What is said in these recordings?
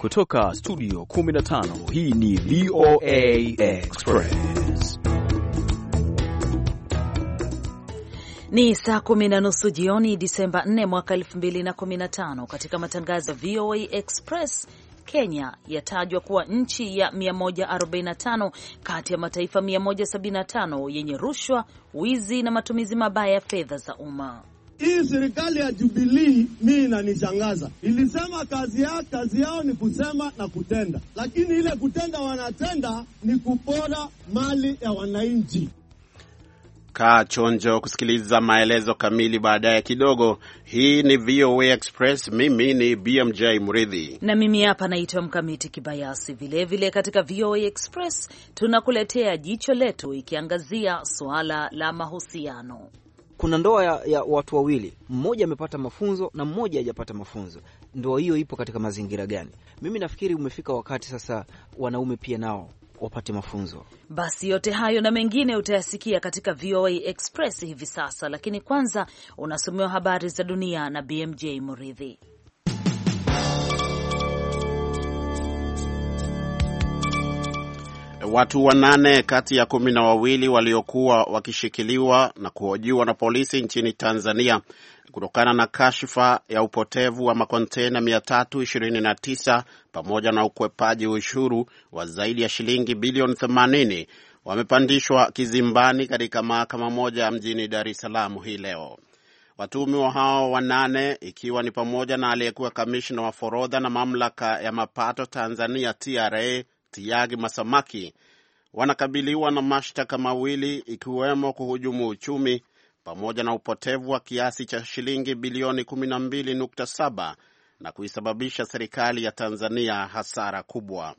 Kutoka studio 15 hii ni VOA Express. Ni saa kumi na nusu jioni Disemba 4 mwaka 2015. Katika matangazo ya VOA Express, Kenya yatajwa kuwa nchi ya 145 kati ya mataifa 175 yenye rushwa, wizi na matumizi mabaya ya fedha za umma. Hii serikali ya Jubilii mi inanishangaza. Ilisema kazi yao, kazi yao ni kusema na kutenda, lakini ile kutenda wanatenda ni kupora mali ya wananchi. Kaa chonjo kusikiliza maelezo kamili baadaye kidogo. Hii ni VOA Express. Mimi ni BMJ Mridhi na mimi hapa naitwa Mkamiti Kibayasi. Vilevile vile katika VOA Express tunakuletea jicho letu, ikiangazia suala la mahusiano kuna ndoa ya, ya watu wawili, mmoja amepata mafunzo na mmoja hajapata mafunzo. Ndoa hiyo ipo katika mazingira gani? Mimi nafikiri umefika wakati sasa wanaume pia nao wapate mafunzo. Basi yote hayo na mengine utayasikia katika VOA Express hivi sasa, lakini kwanza unasomewa habari za dunia na BMJ Muridhi. Watu wanane kati ya kumi na wawili waliokuwa wakishikiliwa na kuhojiwa na polisi nchini Tanzania kutokana na kashfa ya upotevu wa makontena 329 pamoja na ukwepaji ushuru wa zaidi ya shilingi bilioni 80 wamepandishwa kizimbani katika mahakama moja mjini Dar es Salaam hii leo. Watuhumiwa hao wanane ikiwa ni pamoja na aliyekuwa kamishna wa forodha na mamlaka ya mapato Tanzania TRA Tiagi Masamaki wanakabiliwa na mashtaka mawili ikiwemo kuhujumu uchumi pamoja na upotevu wa kiasi cha shilingi bilioni 12.7 na kuisababisha serikali ya Tanzania hasara kubwa.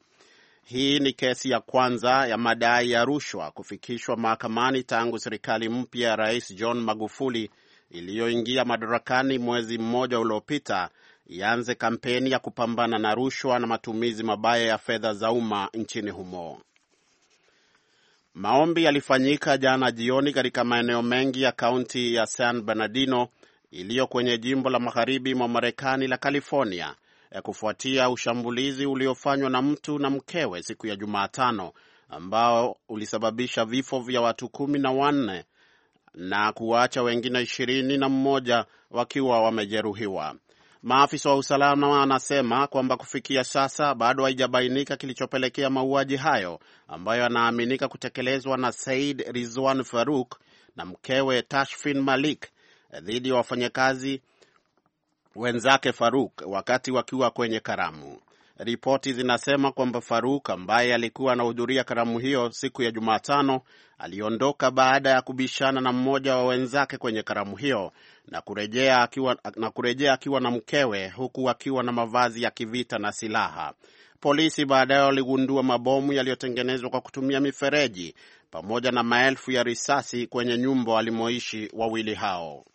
Hii ni kesi ya kwanza ya madai ya rushwa kufikishwa mahakamani tangu serikali mpya ya Rais John Magufuli iliyoingia madarakani mwezi mmoja uliopita ianze kampeni ya kupambana na rushwa na matumizi mabaya ya fedha za umma nchini humo. Maombi yalifanyika jana jioni katika maeneo mengi ya kaunti ya San Bernardino iliyo kwenye jimbo la magharibi mwa Marekani la California ya eh, kufuatia ushambulizi uliofanywa na mtu na mkewe siku ya Jumatano ambao ulisababisha vifo vya watu kumi na wanne na kuwaacha wengine ishirini na mmoja wakiwa wamejeruhiwa. Maafisa wa usalama wanasema kwamba kufikia sasa bado haijabainika kilichopelekea mauaji hayo ambayo yanaaminika kutekelezwa na Said Rizwan Faruk na mkewe Tashfin Malik dhidi ya wafanyakazi wenzake Faruk wakati wakiwa kwenye karamu. Ripoti zinasema kwamba Faruk ambaye alikuwa anahudhuria karamu hiyo siku ya Jumatano aliondoka baada ya kubishana na mmoja wa wenzake kwenye karamu hiyo na kurejea akiwa na, kurejea akiwa na mkewe huku akiwa na mavazi ya kivita na silaha. Polisi baadaye waligundua mabomu yaliyotengenezwa kwa kutumia mifereji pamoja na maelfu ya risasi kwenye nyumba walimoishi wawili hao.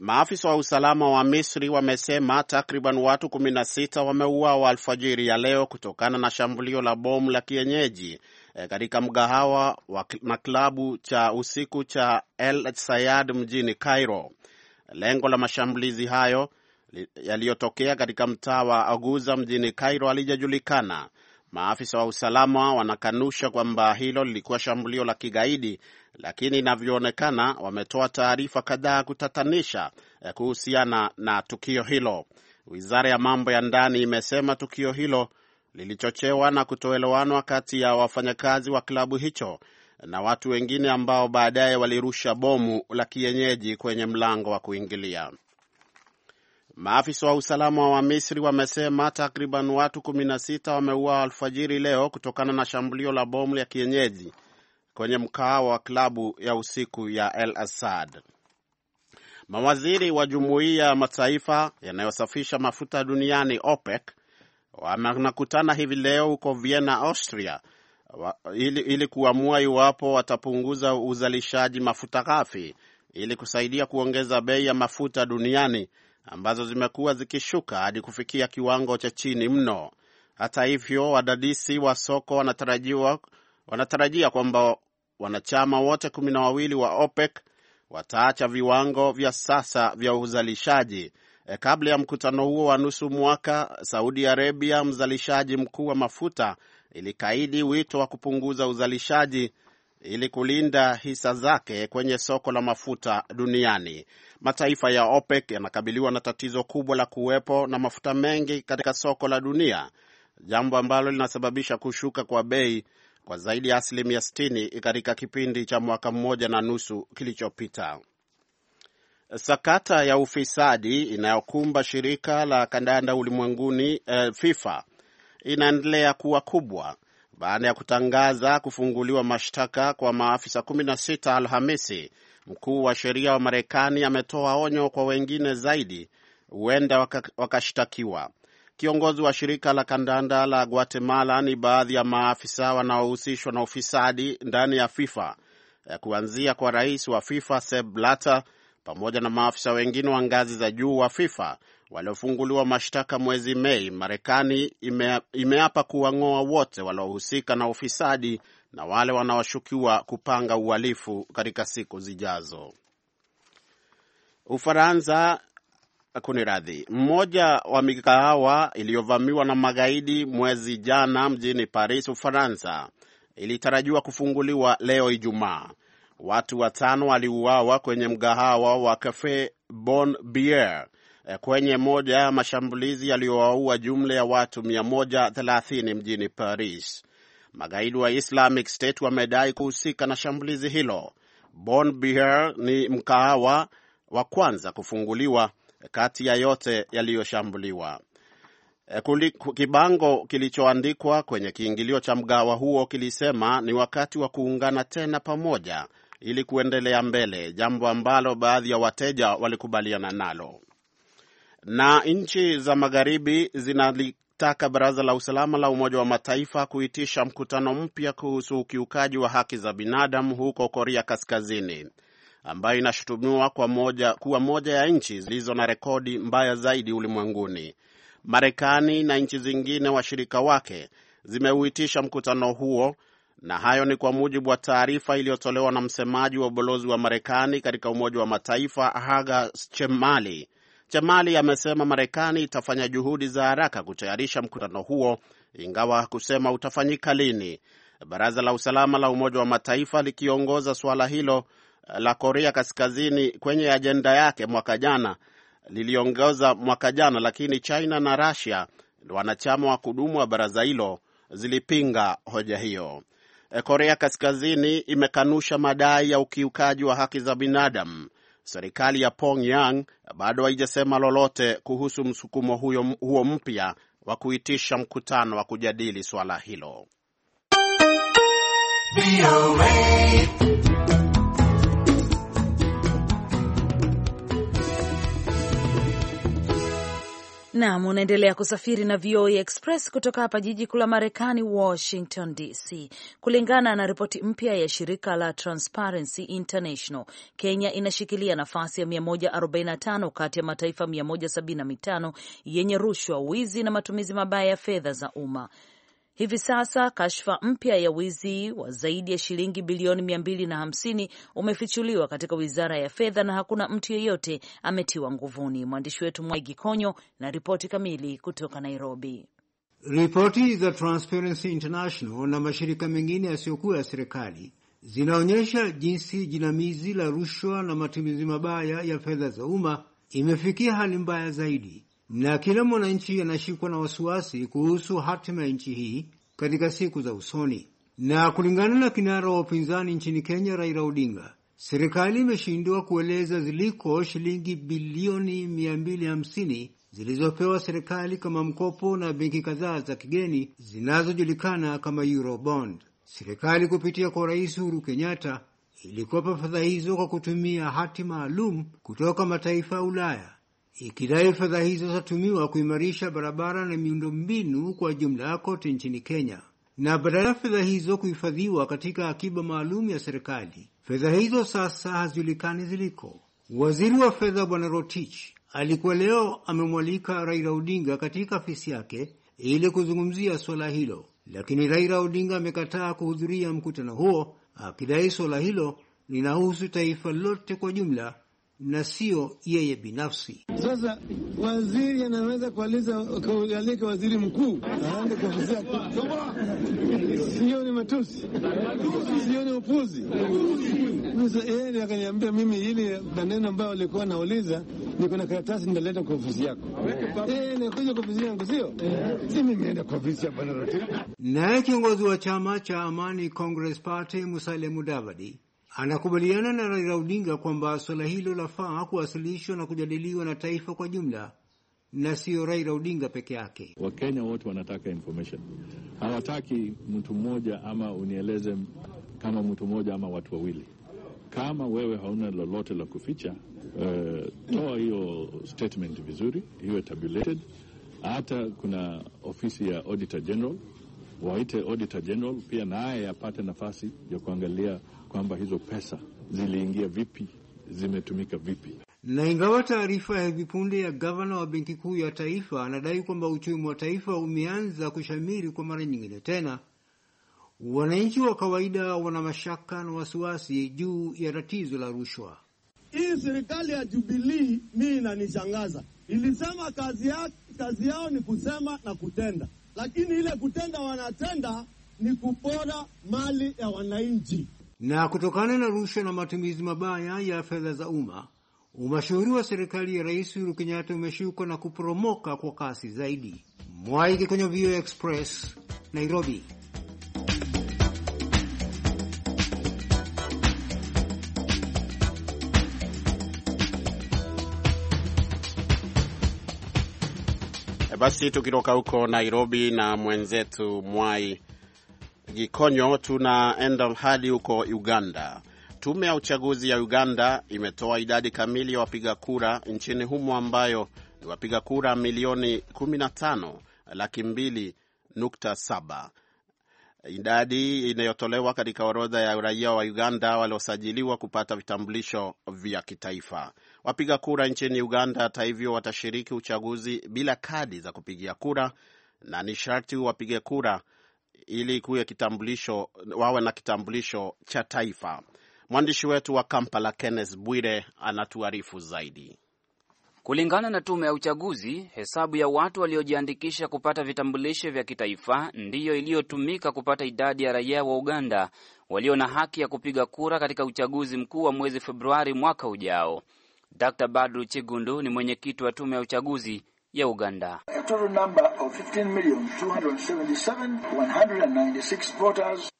Maafisa wa usalama wa Misri wamesema takriban watu 16 wameuawa alfajiri ya leo kutokana na shambulio la bomu la kienyeji e, katika mgahawa na klabu cha usiku cha El Sayad mjini Cairo. Lengo la mashambulizi hayo yaliyotokea katika mtaa wa Aguza mjini Cairo halijajulikana, Maafisa wa usalama wanakanusha kwamba hilo lilikuwa shambulio la kigaidi, lakini inavyoonekana wametoa taarifa kadhaa kutatanisha eh, kuhusiana na tukio hilo. Wizara ya mambo ya ndani imesema tukio hilo lilichochewa na kutoelewanwa kati ya wafanyakazi wa klabu hicho na watu wengine ambao baadaye walirusha bomu la kienyeji kwenye mlango wa kuingilia. Maafisa wa usalama wa Misri wamesema takriban watu 16 wameua alfajiri leo kutokana na shambulio la bomu ya kienyeji kwenye mkahawa wa klabu ya usiku ya El Asad. Mawaziri wa jumuiya ya mataifa yanayosafisha mafuta duniani OPEC wanakutana hivi leo huko Vienna, Austria ili, ili kuamua iwapo watapunguza uzalishaji mafuta ghafi ili kusaidia kuongeza bei ya mafuta duniani ambazo zimekuwa zikishuka hadi kufikia kiwango cha chini mno. Hata hivyo, wadadisi wa soko wanatarajiwa wanatarajia kwamba wanachama wote kumi na wawili wa OPEC wataacha viwango vya sasa vya uzalishaji e, kabla ya mkutano huo wa nusu mwaka. Saudi Arabia, mzalishaji mkuu wa mafuta, ilikaidi wito wa kupunguza uzalishaji ili kulinda hisa zake kwenye soko la mafuta duniani. Mataifa ya OPEC yanakabiliwa na tatizo kubwa la kuwepo na mafuta mengi katika soko la dunia, jambo ambalo linasababisha kushuka kwa bei kwa zaidi ya asilimia 60 katika kipindi cha mwaka mmoja na nusu kilichopita. Sakata ya ufisadi inayokumba shirika la kandanda ulimwenguni eh, FIFA inaendelea kuwa kubwa baada ya kutangaza kufunguliwa mashtaka kwa maafisa 16 Alhamisi. Mkuu wa sheria wa Marekani ametoa onyo kwa wengine zaidi, huenda waka, wakashtakiwa. Kiongozi wa shirika la kandanda la Guatemala ni baadhi ya maafisa wanaohusishwa na ufisadi ndani ya FIFA, eh, kuanzia kwa rais wa FIFA Sepp Blatter pamoja na maafisa wengine wa ngazi za juu wa FIFA waliofunguliwa mashtaka mwezi Mei, Marekani ime, imeapa kuwang'oa wote waliohusika na ufisadi na wale wanaoshukiwa kupanga uhalifu katika siku zijazo. Ufaransa radhi, Mmoja wa mikahawa iliyovamiwa na magaidi mwezi jana mjini Paris, Ufaransa, ilitarajiwa kufunguliwa leo Ijumaa. Watu watano waliuawa kwenye mgahawa wa Cafe Bon Biere Eh, kwenye moja ya mashambulizi yaliyowaua jumla ya watu 130 mjini Paris. Magaidi wa Islamic State wamedai kuhusika na shambulizi hilo. Bon Biher ni mkahawa wa kwanza kufunguliwa kati ya yote yaliyoshambuliwa. Eh, kibango kilichoandikwa kwenye kiingilio cha mgawa huo kilisema ni wakati wa kuungana tena pamoja ili kuendelea mbele, jambo ambalo baadhi ya wateja walikubaliana nalo na nchi za magharibi zinalitaka baraza la usalama la Umoja wa Mataifa kuitisha mkutano mpya kuhusu ukiukaji wa haki za binadamu huko Korea Kaskazini, ambayo inashutumiwa kwa moja, kuwa moja ya nchi zilizo na rekodi mbaya zaidi ulimwenguni. Marekani na nchi zingine washirika wake zimeuitisha mkutano huo, na hayo ni kwa mujibu wa taarifa iliyotolewa na msemaji wa ubalozi wa Marekani katika Umoja wa Mataifa Haga Chemali Chamali amesema Marekani itafanya juhudi za haraka kutayarisha mkutano huo, ingawa kusema utafanyika lini. Baraza la usalama la Umoja wa Mataifa likiongoza suala hilo la Korea Kaskazini kwenye ajenda yake mwaka jana, liliongoza mwaka jana, lakini China na Russia wanachama wa kudumu wa baraza hilo zilipinga hoja hiyo. Korea Kaskazini imekanusha madai ya ukiukaji wa haki za binadamu serikali ya Pyongyang bado haijasema lolote kuhusu msukumo huo mpya wa kuitisha mkutano wa kujadili swala hilo. Naam, unaendelea kusafiri na VOA Express kutoka hapa jiji kuu la Marekani, Washington DC. Kulingana na ripoti mpya ya shirika la Transparency International, Kenya inashikilia nafasi ya 145 kati ya mataifa 175 yenye rushwa, wizi na matumizi mabaya ya fedha za umma. Hivi sasa kashfa mpya ya wizi wa zaidi ya shilingi bilioni mia mbili na hamsini umefichuliwa katika wizara ya fedha na hakuna mtu yeyote ametiwa nguvuni. Mwandishi wetu Mwaigi Konyo na ripoti kamili kutoka Nairobi. Ripoti za Transparency International na mashirika mengine yasiyokuwa ya serikali zinaonyesha jinsi jinamizi la rushwa na matumizi mabaya ya fedha za umma imefikia hali mbaya zaidi na kila mwananchi anashikwa na wasiwasi kuhusu hatima ya nchi hii katika siku za usoni. Na kulingana na kinara wa upinzani nchini Kenya, Raila Odinga, serikali imeshindwa kueleza ziliko shilingi bilioni 250 zilizopewa serikali kama mkopo na benki kadhaa za kigeni zinazojulikana kama Eurobond. Serikali kupitia kwa Rais Uhuru Kenyatta ilikopa fedha hizo kwa kutumia hati maalum kutoka mataifa ya Ulaya ikidai fedha hizo zatumiwa kuimarisha barabara na miundombinu kwa jumla kote nchini Kenya na badala ya fedha hizo kuhifadhiwa katika akiba maalum ya serikali, fedha hizo sasa hazijulikani ziliko. Waziri wa fedha Bwana Rotich alikuwa leo amemwalika Raila Odinga katika afisi yake ili kuzungumzia suala hilo, lakini Raila Odinga amekataa kuhudhuria mkutano huo akidai suala hilo linahusu taifa lote kwa jumla na sio yeye binafsi. Sasa waziri anaweza kualika waziri mkuu aende kuofisia, sio ni matusi, sio ni upuzi. Sasa yeye akaniambia mimi, ili maneno ambayo walikuwa nauliza niko na karatasi nitaleta kwa ofisi yako, nakuja kwa ofisi yangu, sio si mimi, naenda kwa ofisi ya bwana Rotich. Naye kiongozi wa chama cha Amani Congress Party Musalia Mudavadi Anakubaliana na Raila Odinga kwamba suala hilo lafaa kuwasilishwa na kujadiliwa na taifa kwa jumla na siyo Raila Odinga peke yake. Wakenya wote wanataka information, hawataki mtu mmoja ama unieleze kama mtu mmoja ama watu wawili. Kama wewe hauna lolote la kuficha, uh, toa hiyo statement vizuri, iwe tabulated. Hata kuna ofisi ya auditor general, waite auditor general pia naye apate nafasi ya kuangalia kwamba hizo pesa ziliingia vipi, zimetumika vipi. Na ingawa taarifa ya hivi punde ya gavana wa Benki Kuu ya Taifa anadai kwamba uchumi wa taifa umeanza kushamiri kwa mara nyingine tena, wananchi wa kawaida wana mashaka na wasiwasi juu ya tatizo la rushwa. Hii serikali ya Jubilii mii inanishangaza. Ilisema kazi, ya, kazi yao ni kusema na kutenda, lakini ile kutenda wanatenda ni kupora mali ya wananchi. Na kutokana na rushwa na matumizi mabaya ya fedha za umma, umashuhuri wa serikali ya Rais Uhuru Kenyatta umeshuka na kuporomoka kwa kasi zaidi. Mwaiki kwenye VOA Express, Nairobi. Basi tukitoka huko Nairobi na mwenzetu Mwai Gikonyo, tunaenda hadi huko Uganda. Tume ya uchaguzi ya Uganda imetoa idadi kamili ya wapiga kura nchini humo ambayo ni wapiga kura milioni 15 laki mbili nukta saba, idadi inayotolewa katika orodha ya raia wa Uganda waliosajiliwa kupata vitambulisho vya kitaifa. Wapiga kura nchini Uganda, hata hivyo, watashiriki uchaguzi bila kadi za kupigia kura na ni sharti wapige kura ili kuwe kitambulisho, wawe na kitambulisho cha taifa. Mwandishi wetu wa Kampala Kenneth Bwire anatuarifu zaidi. Kulingana na tume ya uchaguzi, hesabu ya watu waliojiandikisha kupata vitambulisho vya kitaifa ndiyo iliyotumika kupata idadi ya raia wa Uganda walio na haki ya kupiga kura katika uchaguzi mkuu wa mwezi Februari mwaka ujao. Dr Badru Chigundu ni mwenyekiti wa tume ya uchaguzi ya Uganda.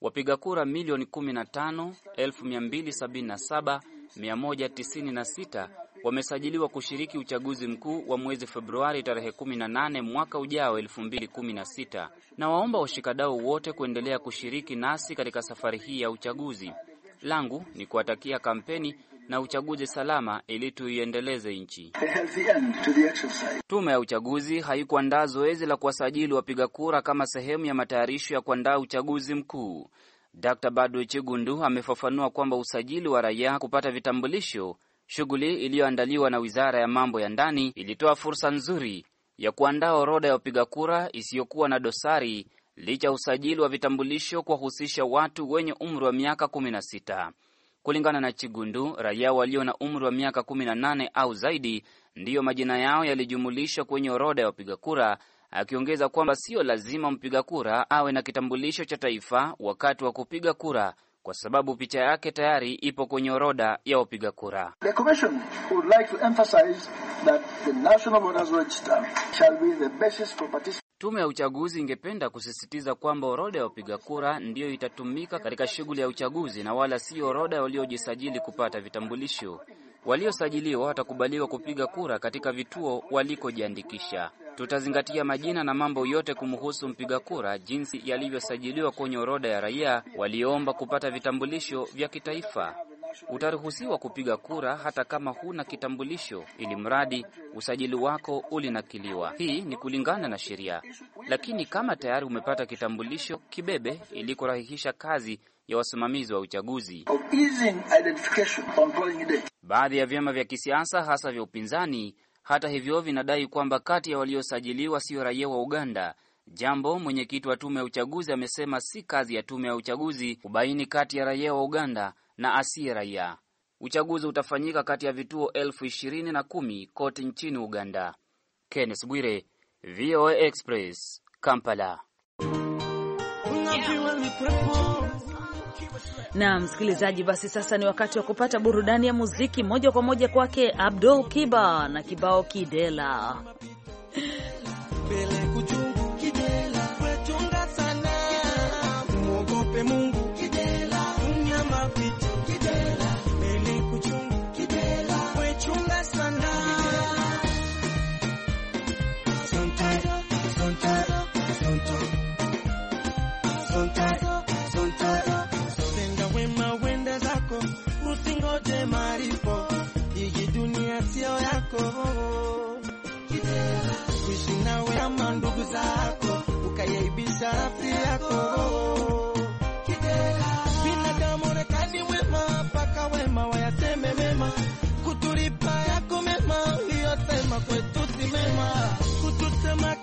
Wapiga kura milioni 15,277,196 wamesajiliwa kushiriki uchaguzi mkuu wa mwezi Februari tarehe 18 mwaka ujao 2016, na waomba washikadau wote kuendelea kushiriki nasi katika safari hii ya uchaguzi. Langu ni kuwatakia kampeni na uchaguzi salama ili tuiendeleze nchi. Tume ya uchaguzi haikuandaa zoezi la kuwasajili wapiga kura kama sehemu ya matayarisho ya kuandaa uchaguzi mkuu. Dr. Badu Chigundu amefafanua kwamba usajili wa raia kupata vitambulisho, shughuli iliyoandaliwa na Wizara ya Mambo ya Ndani, ilitoa fursa nzuri ya kuandaa orodha ya wapiga kura isiyokuwa na dosari licha usajili wa vitambulisho kuwahusisha watu wenye umri wa miaka 16. Kulingana na Chigundu, raia walio na umri wa miaka 18 au zaidi ndiyo majina yao yalijumulishwa kwenye orodha ya wapiga kura, akiongeza kwamba sio lazima mpiga kura awe na kitambulisho cha taifa wakati wa kupiga kura, kwa sababu picha yake tayari ipo kwenye orodha ya wapiga kura. Tume ya uchaguzi ingependa kusisitiza kwamba orodha ya wapiga kura ndiyo itatumika katika shughuli ya uchaguzi na wala si orodha waliojisajili kupata vitambulisho. Waliosajiliwa watakubaliwa kupiga kura katika vituo walikojiandikisha. Tutazingatia majina na mambo yote kumhusu mpiga kura, jinsi yalivyosajiliwa kwenye orodha ya raia walioomba kupata vitambulisho vya kitaifa. Utaruhusiwa kupiga kura hata kama huna kitambulisho, ili mradi usajili wako ulinakiliwa. Hii ni kulingana na sheria, lakini kama tayari umepata kitambulisho, kibebe ili kurahisisha kazi ya wasimamizi wa uchaguzi. Baadhi ya vyama vya kisiasa hasa vya upinzani hata hivyo, vinadai kwamba kati ya waliosajiliwa sio raia wa Uganda, jambo mwenyekiti wa tume ya uchaguzi amesema si kazi ya tume ya uchaguzi kubaini kati ya raia wa Uganda na asiye raia. Uchaguzi utafanyika kati ya vituo elfu ishirini na kumi kote nchini Uganda. Kenneth Bwire, VOA Express, Kampala. Yeah. Na msikilizaji, basi sasa ni wakati wa kupata burudani ya muziki moja kwa moja kwake Abdul Kiba na kibao Kidela. wataka wema wayaseme mema, kutulipa yako mema, uliyosema kwetu si mema, kututema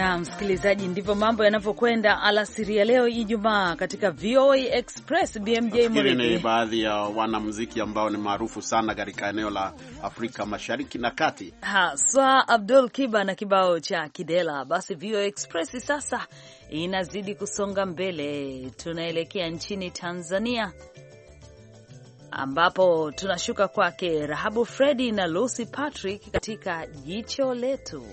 Na msikilizaji, ndivyo mambo yanavyokwenda alasiri ya leo Ijumaa katika VOA Express. BMJ ni baadhi ya wanamuziki ambao ni maarufu sana katika eneo la Afrika Mashariki na Kati, haswa Abdul Kiba na kibao cha Kidela. Basi VOA Express sasa inazidi kusonga mbele, tunaelekea nchini Tanzania ambapo tunashuka kwake Rahabu Fredi na Lucy Patrick katika jicho letu.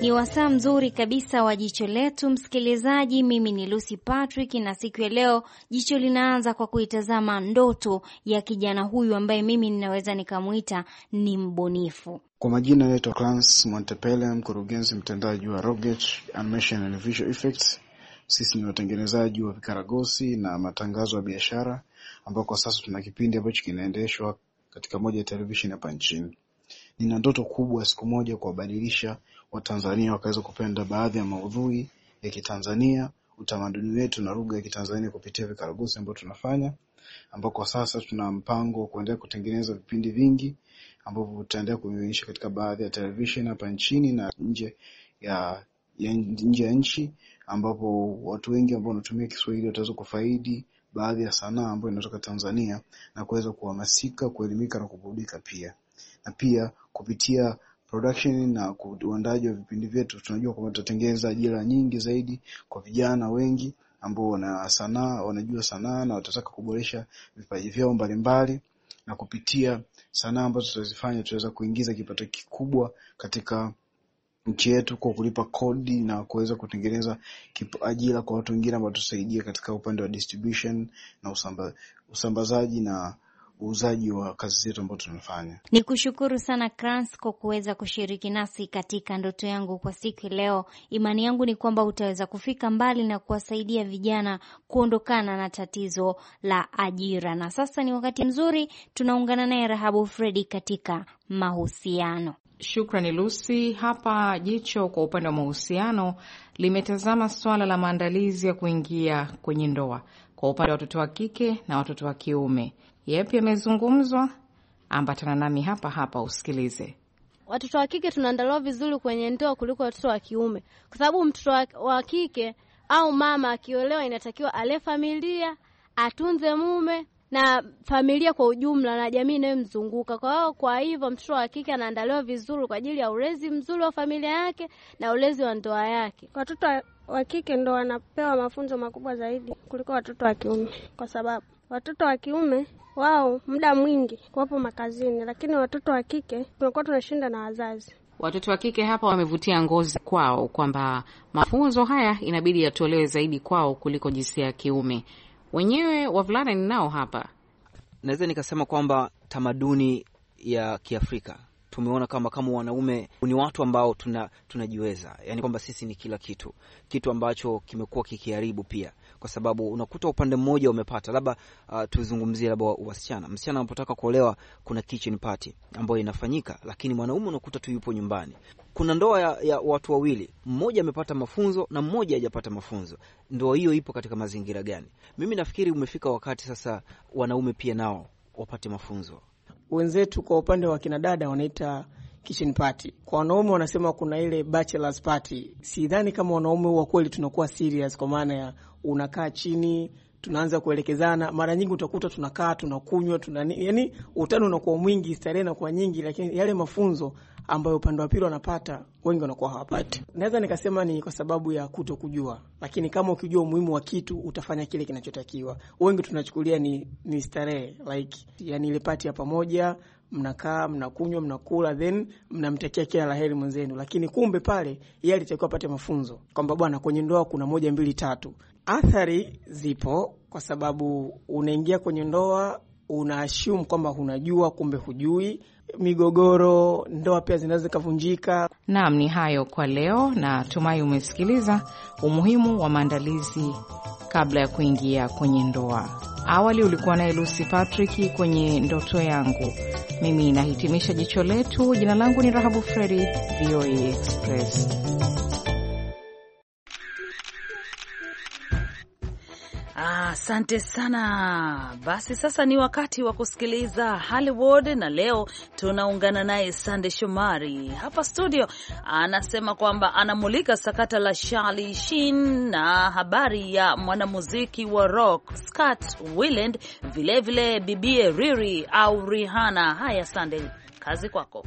Ni wasaa mzuri kabisa wa jicho letu, msikilizaji. Mimi ni Lucy Patrick, na siku ya leo jicho linaanza kwa kuitazama ndoto ya kijana huyu ambaye mimi ninaweza nikamwita ni mbunifu. Kwa majina anaitwa Clans Mwantepele, mkurugenzi mtendaji wa Roget Animation and Visual Effects. Sisi ni watengenezaji wa vikaragosi na matangazo ya biashara, ambao kwa sasa tuna kipindi ambacho kinaendeshwa katika moja ya televisheni hapa nchini. Nina ndoto kubwa siku moja kuwabadilisha Watanzania wakaweza kupenda baadhi ya maudhui ya Kitanzania, utamaduni wetu na lugha ya Kitanzania kupitia vikaragosi ambavyo tunafanya, ambao kwa sasa tuna mpango wa kuendelea kutengeneza vipindi vingi ambavyo tutaendelea kuvionyesha katika baadhi ya televisheni hapa nchini na nje ya, ya nje ya nchi ambapo watu wengi ambao wanatumia Kiswahili wataweza kufaidi baadhi ya sanaa ambayo inatoka Tanzania na kuweza kuhamasika, kuelimika na kuburudika pia. Na pia kupitia production na uandaji wa vipindi vyetu, tunajua kwamba tutatengeneza ajira nyingi zaidi kwa vijana wengi ambao wana sanaa, wanajua sanaa na watataka kuboresha vipaji vyao mbalimbali, na kupitia sanaa ambazo tutazifanya tutaweza kuingiza kipato kikubwa katika nchi yetu kwa kulipa kodi na kuweza kutengeneza ajira kwa watu wengine ambao tusaidia katika upande wa distribution na usambazaji na uuzaji wa kazi zetu ambayo tunafanya. Ni kushukuru sana Krans kwa kuweza kushiriki nasi katika ndoto yangu kwa siku leo. Imani yangu ni kwamba utaweza kufika mbali na kuwasaidia vijana kuondokana na tatizo la ajira. Na sasa ni wakati mzuri tunaungana naye Rahabu Fredi katika mahusiano. Shukrani Lucy. Hapa jicho kwa upande wa mahusiano limetazama swala la maandalizi ya kuingia kwenye ndoa kwa upande wa watoto wa kike na watoto wa kiume yepi yamezungumzwa. Ambatana nami hapa hapa usikilize. Watoto wa kike tunaandaliwa vizuri kwenye ndoa kuliko watoto wa kiume, kwa sababu mtoto wa kike au mama akiolewa, inatakiwa ale familia, atunze mume na familia kwa ujumla na jamii inayomzunguka. Kwa hiyo, kwa hivyo mtoto wa kike anaandaliwa vizuri kwa ajili ya ulezi mzuri wa familia yake na ulezi wa ndoa yake. Watoto wa kike ndo wanapewa mafunzo makubwa zaidi kuliko watoto wa kiume, kwa sababu watoto wa kiume wao muda mwingi wapo makazini, lakini watoto wa kike tunakuwa tunashinda na wazazi. Watoto wa kike hapa wamevutia ngozi kwao kwamba mafunzo haya inabidi yatolewe zaidi kwao kuliko jinsia ya kiume. Wenyewe wavulana ninao hapa, naweza nikasema kwamba tamaduni ya Kiafrika tumeona kama kama wanaume ni watu ambao tunajiweza, tuna yaani kwamba sisi ni kila kitu, kitu ambacho kimekuwa kikiharibu pia kwa sababu unakuta upande mmoja umepata labda. Uh, tuzungumzie labda wasichana, msichana anapotaka kuolewa kuna kitchen party ambayo inafanyika, lakini mwanaume unakuta tu yupo nyumbani. Kuna ndoa ya, ya watu wawili, mmoja amepata mafunzo na mmoja hajapata mafunzo. Ndoa hiyo ipo katika mazingira gani? Mimi nafikiri umefika wakati sasa wanaume pia nao wapate mafunzo. Wenzetu kwa upande wa kinadada wanaita kitchen party. Kwa wanaume wanasema kuna ile bachelors party. Sidhani kama wanaume wa kweli tunakuwa serious kwa maana ya unakaa chini tunaanza kuelekezana. Mara nyingi utakuta tunakaa tunakunywa tuna yani, utani unakuwa mwingi, starehe inakuwa nyingi, lakini yale mafunzo ambayo upande wa pili wanapata wengi wanakuwa hawapati. Naweza nikasema ni kwa sababu ya kuto kujua, lakini kama ukijua umuhimu wa kitu utafanya kile kinachotakiwa. Wengi tunachukulia ni, ni starehe like, yani ile pati ya pamoja, mnakaa mnakunywa mnakula, then mnamtakia kila la heri mwenzenu, lakini kumbe pale yeye alitakiwa apate mafunzo kwamba bwana, kwenye ndoa kuna moja mbili tatu, athari zipo, kwa sababu unaingia kwenye ndoa unaashumu kwamba unajua, kumbe hujui. Migogoro, ndoa pia zinaweza zikavunjika. Naam, ni hayo kwa leo, na tumai umesikiliza umuhimu wa maandalizi kabla ya kuingia kwenye ndoa. Awali ulikuwa naye Lucy Patrick kwenye ndoto yangu. Mimi nahitimisha jicho letu. Jina langu ni Rahabu Fredi, VOA Express. Asante ah, sana. Basi sasa ni wakati wa kusikiliza Hollywood, na leo tunaungana naye Sande Shomari hapa studio. Anasema kwamba anamulika sakata la Charlie Sheen na habari ya mwanamuziki wa rock Scott Weiland, vilevile bibie Riri au Rihanna. Haya Sande, kazi kwako.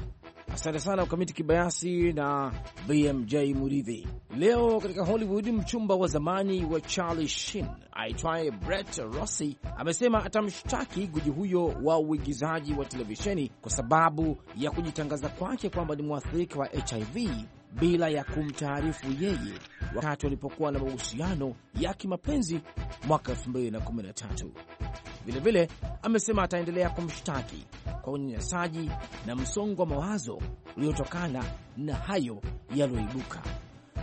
Asante sana mkamiti Kibayasi na BMJ Muridhi. Leo katika Hollywood, mchumba wa zamani wa Charlie Sheen aitwaye Brett Rossi amesema atamshtaki guji huyo wa uigizaji wa televisheni kwa sababu ya kujitangaza kwake kwamba ni mwathirika wa HIV bila ya kumtaarifu yeye wakati walipokuwa na mahusiano ya kimapenzi mwaka 2013. Vilevile amesema ataendelea kumshtaki kwa unyanyasaji na msongo wa mawazo uliotokana na hayo yaliyoibuka.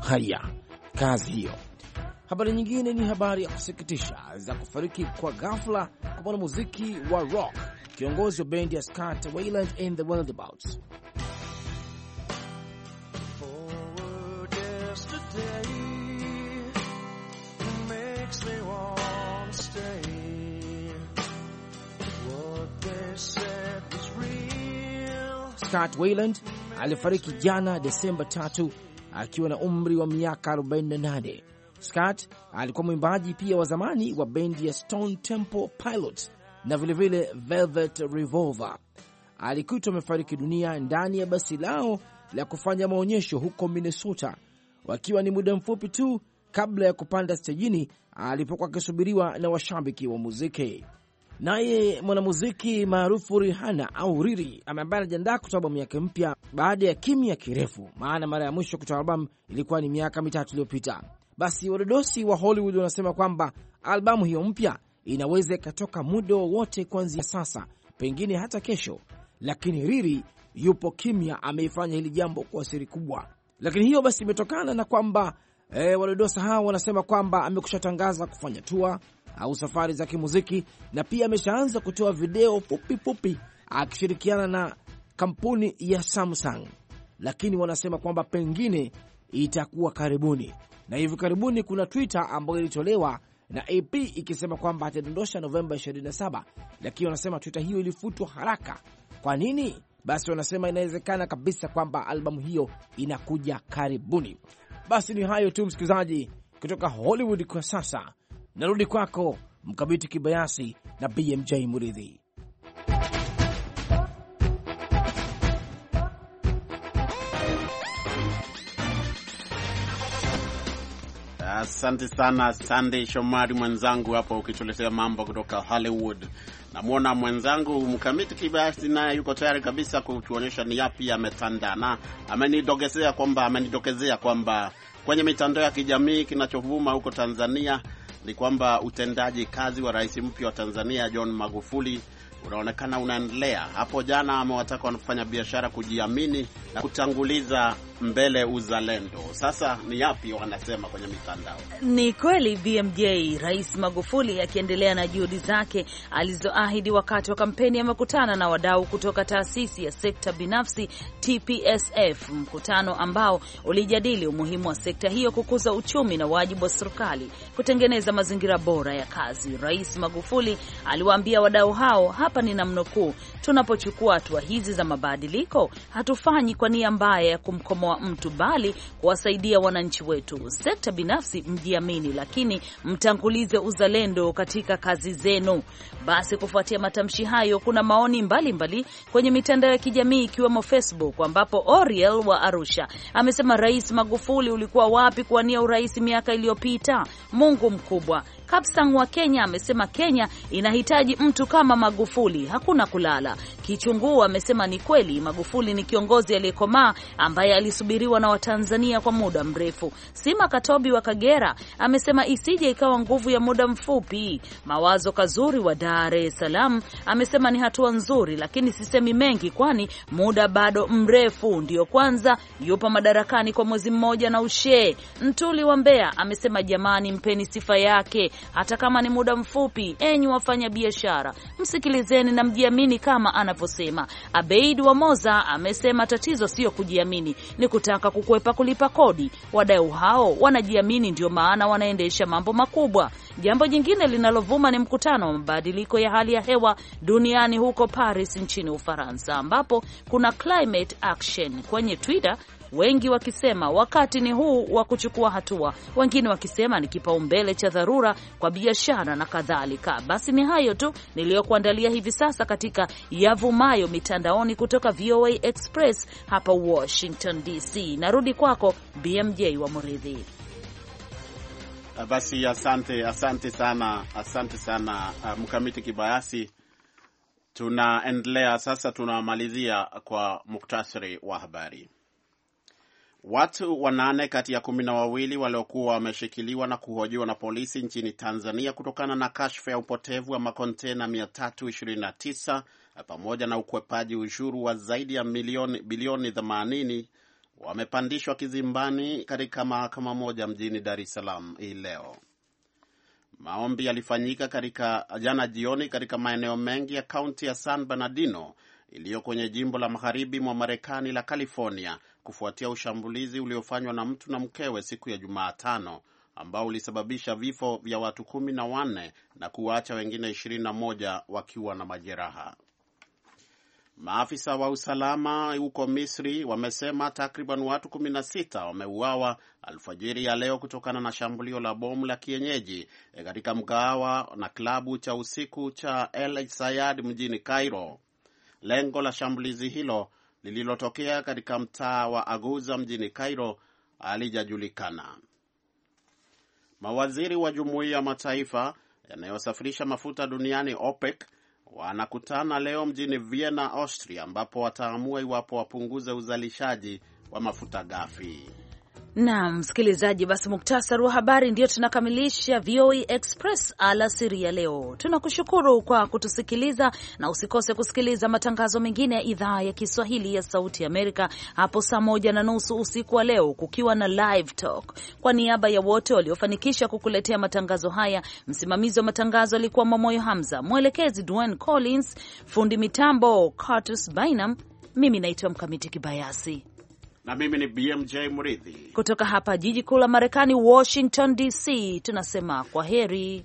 Haya, kazi hiyo. Habari nyingine ni habari ya kusikitisha za kufariki kwa ghafla kwa mwanamuziki wa rock, kiongozi wa bendi ya Scott Weiland and the Wildabouts Scott Wayland alifariki jana Desemba tatu akiwa na umri wa miaka 48. Scott alikuwa mwimbaji pia wa zamani wa bendi ya Stone Temple Pilots na vilevile vile Velvet Revolver. Alikutwa amefariki dunia ndani ya basi lao la kufanya maonyesho huko Minnesota, wakiwa ni muda mfupi tu kabla ya kupanda stejini alipokuwa akisubiriwa na washabiki wa muziki. Naye mwanamuziki maarufu Rihana au Riri ambaye anajiandaa kutoa albamu yake mpya baada ya kimya kirefu, maana mara ya mwisho kutoa albamu ilikuwa ni miaka mitatu iliyopita. Basi wadodosi wa Hollywood wanasema kwamba albamu hiyo mpya inaweza ikatoka muda wowote kuanzia sasa, pengine hata kesho. Lakini Riri yupo kimya, ameifanya hili jambo kwa siri kubwa. Lakini hiyo basi imetokana na kwamba e, wadodosa hao wanasema kwamba amekusha tangaza kufanya tua au safari za kimuziki, na pia ameshaanza kutoa video fupi fupi akishirikiana na kampuni ya Samsung, lakini wanasema kwamba pengine itakuwa karibuni. Na hivi karibuni kuna Twitter ambayo ilitolewa na AP ikisema kwamba atadondosha Novemba 27, lakini wanasema Twitter hiyo ilifutwa haraka. Kwa nini? Basi wanasema inawezekana kabisa kwamba albamu hiyo inakuja karibuni. Basi ni hayo tu msikilizaji, kutoka Hollywood kwa sasa. Narudi kwako Mkamiti Kibayasi na BMJ Muridhi. Asante sana Sandey Shomari mwenzangu hapo ukituletea mambo kutoka Hollywood. Namwona mwenzangu Mkamiti Kibayasi naye yuko tayari kabisa kutuonyesha ni yapi ametanda, na amenidokezea kwamba amenidokezea kwamba kwenye mitandao ya kijamii kinachovuma huko Tanzania ni kwamba utendaji kazi wa rais mpya wa Tanzania John Magufuli unaonekana unaendelea. Hapo jana amewataka wanafanya biashara kujiamini na kutanguliza mbele uzalendo. Sasa ni yapi wanasema kwenye mitandao? Ni kweli BMJ, Rais Magufuli akiendelea na juhudi zake alizoahidi wakati wa kampeni, amekutana na wadau kutoka taasisi ya sekta binafsi TPSF, mkutano ambao ulijadili umuhimu wa sekta hiyo kukuza uchumi na wajibu wa serikali kutengeneza mazingira bora ya kazi. Rais Magufuli aliwaambia wadau hao, hapa ni namnukuu, tunapochukua hatua hizi za mabadiliko hatufanyi kwa nia mbaya ya kumkomoa kumkomoa mtu, bali kuwasaidia wananchi wetu. Sekta binafsi mjiamini, lakini mtangulize uzalendo katika kazi zenu. Basi kufuatia matamshi hayo, kuna maoni mbalimbali mbali kwenye mitandao ya kijamii ikiwemo Facebook, ambapo Oriel wa Arusha amesema Rais Magufuli, ulikuwa wapi kuwania urais miaka iliyopita? Mungu mkubwa. Kapsang wa Kenya amesema Kenya inahitaji mtu kama Magufuli, hakuna kulala. Kichunguu amesema ni kweli, Magufuli ni kiongozi aliyekomaa ambaye alisubiriwa na Watanzania kwa muda mrefu. Sima Katobi wa Kagera amesema isije ikawa nguvu ya muda mfupi. Mawazo Kazuri wa Dar es Salaam amesema ni hatua nzuri, lakini sisemi mengi, kwani muda bado mrefu. Ndiyo kwanza yupo madarakani kwa mwezi mmoja na ushee. Mtuli wa Mbeya amesema jamani, mpeni sifa yake hata kama ni muda mfupi. Enyi wafanya biashara, msikilizeni na mjiamini kama anavyosema Abeid wa Moza. Amesema tatizo siyo kujiamini, ni kutaka kukwepa kulipa kodi. Wadau hao wanajiamini, ndio maana wanaendesha mambo makubwa. Jambo jingine linalovuma ni mkutano wa mabadiliko ya hali ya hewa duniani huko Paris nchini Ufaransa, ambapo kuna climate action kwenye Twitter wengi wakisema wakati ni huu wa kuchukua hatua, wengine wakisema ni kipaumbele cha dharura kwa biashara na kadhalika. Basi ni hayo tu niliyokuandalia hivi sasa katika yavumayo mitandaoni kutoka VOA Express hapa Washington DC. Narudi kwako BMJ wa Muridhi. Basi asante, asante sana, asante sana uh, Mkamiti Kibayasi. Tunaendelea sasa, tunamalizia kwa muktasari wa habari. Watu wanane kati ya kumi na wawili waliokuwa wameshikiliwa na kuhojiwa na polisi nchini Tanzania kutokana na kashfa ya upotevu wa makontena 329 pamoja na ukwepaji ushuru wa zaidi ya milioni bilioni 80 wamepandishwa kizimbani katika mahakama moja mjini Dar es Salaam hii leo. Maombi yalifanyika katika jana jioni katika maeneo mengi ya kaunti ya San Bernardino iliyo kwenye jimbo la magharibi mwa Marekani la California kufuatia ushambulizi uliofanywa na mtu na mkewe siku ya Jumatano ambao ulisababisha vifo vya watu kumi na wanne na kuwaacha wengine ishirini na moja wakiwa na majeraha. Maafisa wa usalama huko Misri wamesema takriban watu 16 wameuawa alfajiri ya leo kutokana na shambulio la bomu la kienyeji eh, katika mgahawa na klabu cha usiku cha El Sayad mjini Cairo. Lengo la shambulizi hilo lililotokea katika mtaa wa Aguza mjini Cairo halijajulikana. Mawaziri wa jumuiya ya mataifa yanayosafirisha mafuta duniani OPEC wanakutana leo mjini Vienna, Austria, ambapo wataamua iwapo wapunguze uzalishaji wa mafuta ghafi. Naam msikilizaji, basi muktasari wa habari ndio tunakamilisha VOA e Express alasiri ya leo. Tunakushukuru kwa kutusikiliza na usikose kusikiliza matangazo mengine ya idhaa ya Kiswahili ya Sauti Amerika hapo saa moja na nusu usiku wa leo, kukiwa na live talk. Kwa niaba ya wote waliofanikisha kukuletea matangazo haya, msimamizi wa matangazo alikuwa Mamoyo Hamza, mwelekezi Dwayne Collins, fundi mitambo Curtis Bynum, mimi naitwa Mkamiti Kibayasi na mimi ni BMJ Murithi kutoka hapa jiji kuu la Marekani, Washington DC. Tunasema kwa heri.